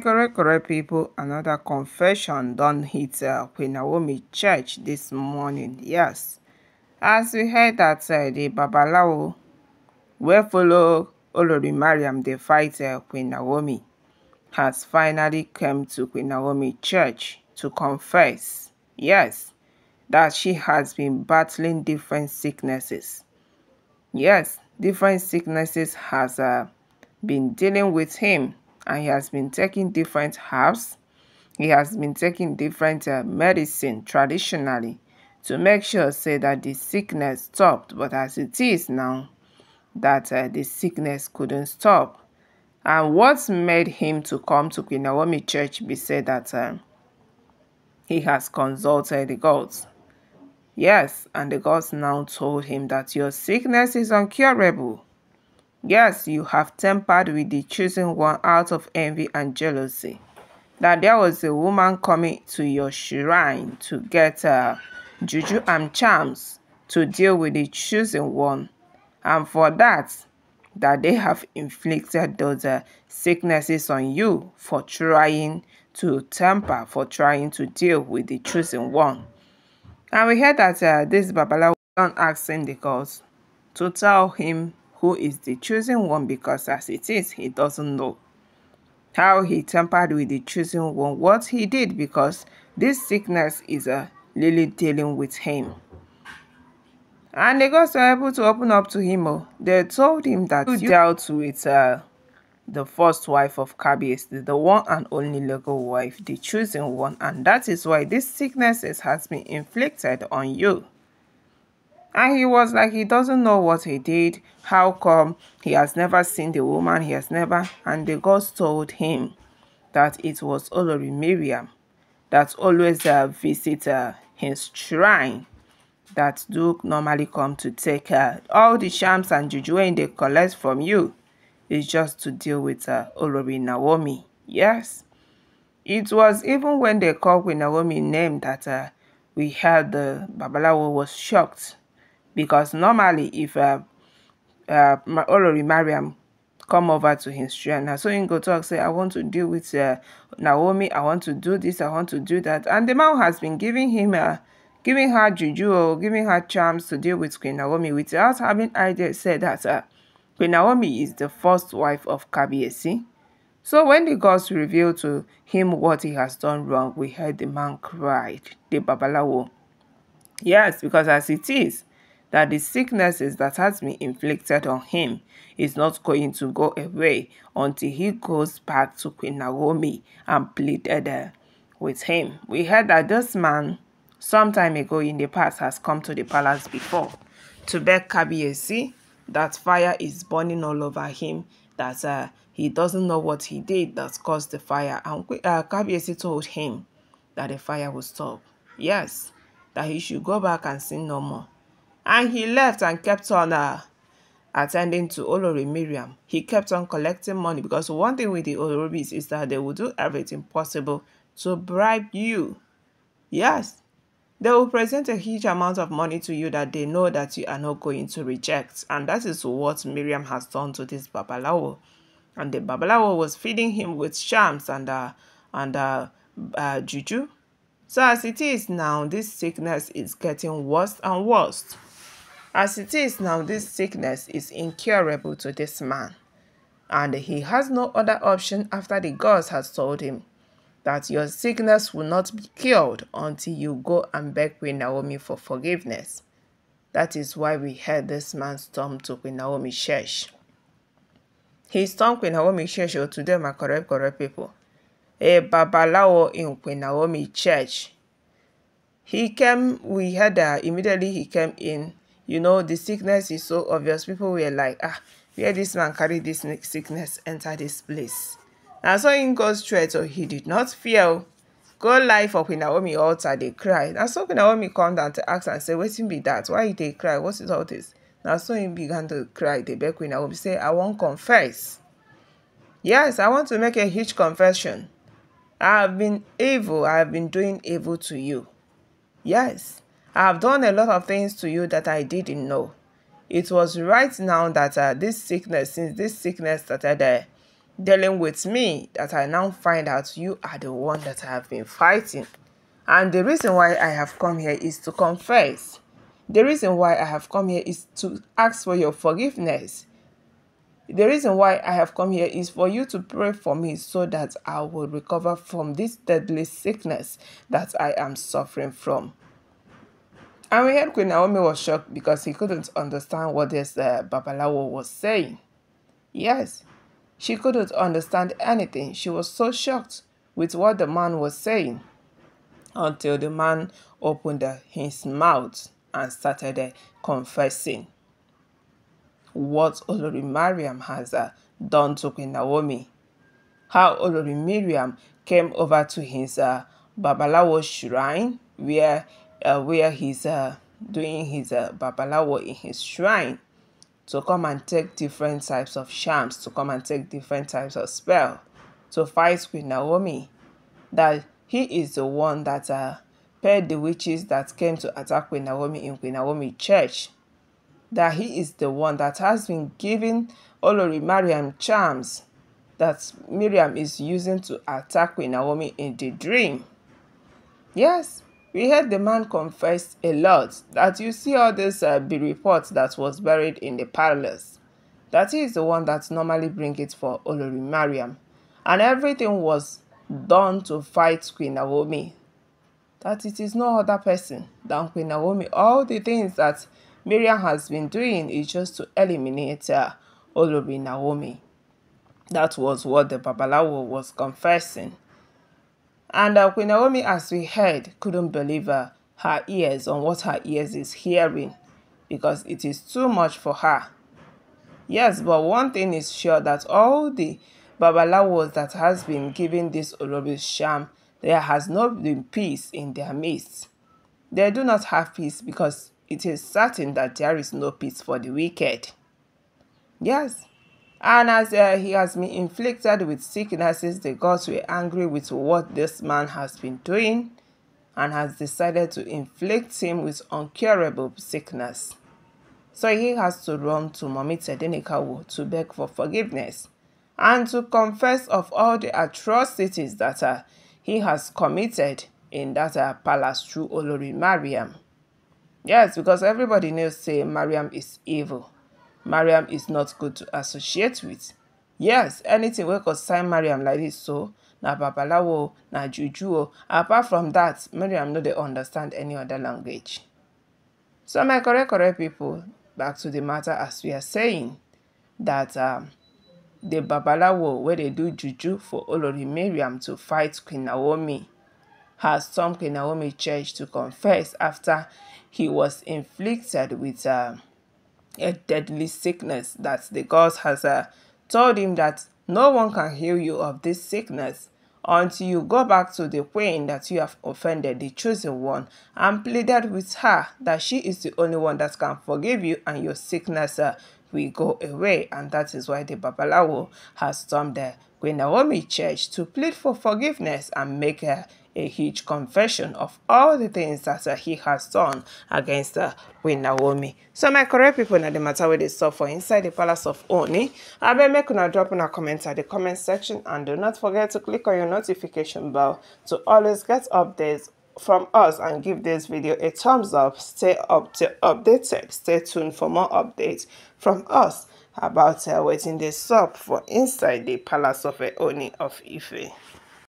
Correct, correct people, another confession done hit uh, Queen Naomi Church this morning. Yes, as we heard that uh, the Babalawo will follow Olori Mariam, the fighter uh, Queen Naomi, has finally come to Queen Naomi Church to confess, yes, that she has been battling different sicknesses. Yes, different sicknesses has uh, been dealing with him and he has been taking different herbs. He has been taking different uh, medicine traditionally to make sure say that the sickness stopped but as it is now that uh, the sickness couldn't stop and what made him to come to Queen Church be said that uh, he has consulted the gods. Yes, and the gods now told him that your sickness is incurable. Yes, you have tampered with the chosen one out of envy and jealousy. That there was a woman coming to your shrine to get uh, juju and charms to deal with the chosen one. And for that, that they have inflicted those uh, sicknesses on you for trying to temper, for trying to deal with the chosen one. And we heard that uh, this Babalawo asking the gods to tell him who is the chosen one because as it is, he doesn't know how he tampered with the chosen one, what he did because this sickness is uh, a lily dealing with him. And the gods were able to open up to him. Oh. They told him that you dealt with uh, the first wife of Kabies, the one and only legal wife, the chosen one, and that is why this sickness has been inflicted on you. And he was like, he doesn't know what he did. How come he has never seen the woman? He has never. And the ghost told him that it was Olori Miriam that always uh, visitor. uh, his shrine that do normally come to take uh, all the charms and in they collect from you is just to deal with uh, Olori Naomi. Yes. It was even when they called with Naomi's name that uh, we heard the Babalawo was shocked because normally if uh, uh, Olori Mariam come over to his chair now. So go talk say, I want to deal with uh, Naomi. I want to do this. I want to do that. And the man has been giving him, uh, giving her juju or giving her charms to deal with Queen Naomi without having idea said that uh, Queen Naomi is the first wife of Kabiesi. So when the gods revealed to him what he has done wrong, we heard the man cried, the Babalawo. Yes, because as it is, that the sicknesses that has been inflicted on him is not going to go away until he goes back to Queen Naomi and pleaded uh, with him. We heard that this man some time ago in the past has come to the palace before to beg Kabiesi that fire is burning all over him, that uh, he doesn't know what he did that caused the fire. And uh, Kabiesi told him that the fire will stop. Yes, that he should go back and sin no more. And he left and kept on uh, attending to Olori Miriam. He kept on collecting money because one thing with the Oloribis is that they will do everything possible to bribe you. Yes, they will present a huge amount of money to you that they know that you are not going to reject. And that is what Miriam has done to this Babalawo. And the Babalawo was feeding him with shams and, uh, and uh, uh, juju. So as it is now, this sickness is getting worse and worse. As it is now, this sickness is incurable to this man, and he has no other option after the gods had told him that your sickness will not be cured until you go and beg Queen Naomi for forgiveness. That is why we heard this man storm to Queen Naomi's church. He stormed Queen Naomi's church, or today my correct, correct people. A babalawo in Queen Naomi church. He came, we heard that immediately he came in you know the sickness is so obvious people were like ah where this man carry this sickness enter this place Now, so in God's threat, so he did not fear go lie for queen naomi altar they cry Now, so queen naomi come down to ask and say wetin be that why they cry what is all this Now, so him began to cry dey beg queen naomi say i won't confess yes i want to make a huge confession i have been evil i have been doing evil to you yes I have done a lot of things to you that I didn't know. It was right now that uh, this sickness, since this sickness started uh, dealing with me, that I now find out you are the one that I have been fighting. And the reason why I have come here is to confess. The reason why I have come here is to ask for your forgiveness. The reason why I have come here is for you to pray for me so that I will recover from this deadly sickness that I am suffering from. And we heard Queen Naomi was shocked because he couldn't understand what this uh, Babalawo was saying. Yes, she couldn't understand anything. She was so shocked with what the man was saying until the man opened his mouth and started uh, confessing what Olori Mariam has uh, done to Queen Naomi. How Olori Miriam came over to his uh, Babalawo shrine where uh, where he's uh, doing his uh, babalawo in his shrine to come and take different types of charms, to come and take different types of spell, to fight with Naomi. That he is the one that uh, paired the witches that came to attack Queen Naomi in Queen Naomi church. That he is the one that has been giving Olori Mariam charms that Miriam is using to attack Queen Naomi in the dream. Yes, we heard the man confess a lot, that you see all this uh, report that was buried in the palace. That he is the one that normally bring it for Olori Mariam. And everything was done to fight Queen Naomi. That it is no other person than Queen Naomi. All the things that Miriam has been doing is just to eliminate uh, Olori Naomi. That was what the Babalawo was confessing. And uh, Queen Naomi, as we heard, couldn't believe her, her ears on what her ears is hearing because it is too much for her. Yes, but one thing is sure that all the babalawos that has been giving this Orobi sham, there has not been peace in their midst. They do not have peace because it is certain that there is no peace for the wicked. Yes, and as uh, he has been inflicted with sicknesses, the gods were angry with what this man has been doing and has decided to inflict him with incurable sickness. So he has to run to Mami Tedenikawo to beg for forgiveness and to confess of all the atrocities that uh, he has committed in that uh, palace through Olori Mariam. Yes, because everybody knows say Mariam is evil Mariam is not good to associate with. Yes, anything wey concern Mariam like this so, na babalawo na juju Apart from that, Mariam no dey understand any other language. So my correct correct people, back to the matter as we are saying that um, the babalawo where they do juju for Olori Mariam to fight Queen Naomi has some Queen Naomi church to confess after he was inflicted with um, a deadly sickness that the gods Hazar uh, told him that no one can heal you of this sickness until you go back to the queen that you have offended the chosen one and pleaded with her that she is the only one that can forgive you and your sickness uh, will go away and that is why the babalawo has stormed the Queen Naomi Church to plead for forgiveness and make a, a huge confession of all the things that uh, he has done against uh, Queen Naomi. So my correct people, na the matter where they suffer inside the palace of Oni, I be make a drop our comment at the comment section and do not forget to click on your notification bell to always get updates from us and give this video a thumbs up. Stay up to updated. Stay tuned for more updates from us. about uh, wetin dey sup for inside di palace of Ooni of Ife.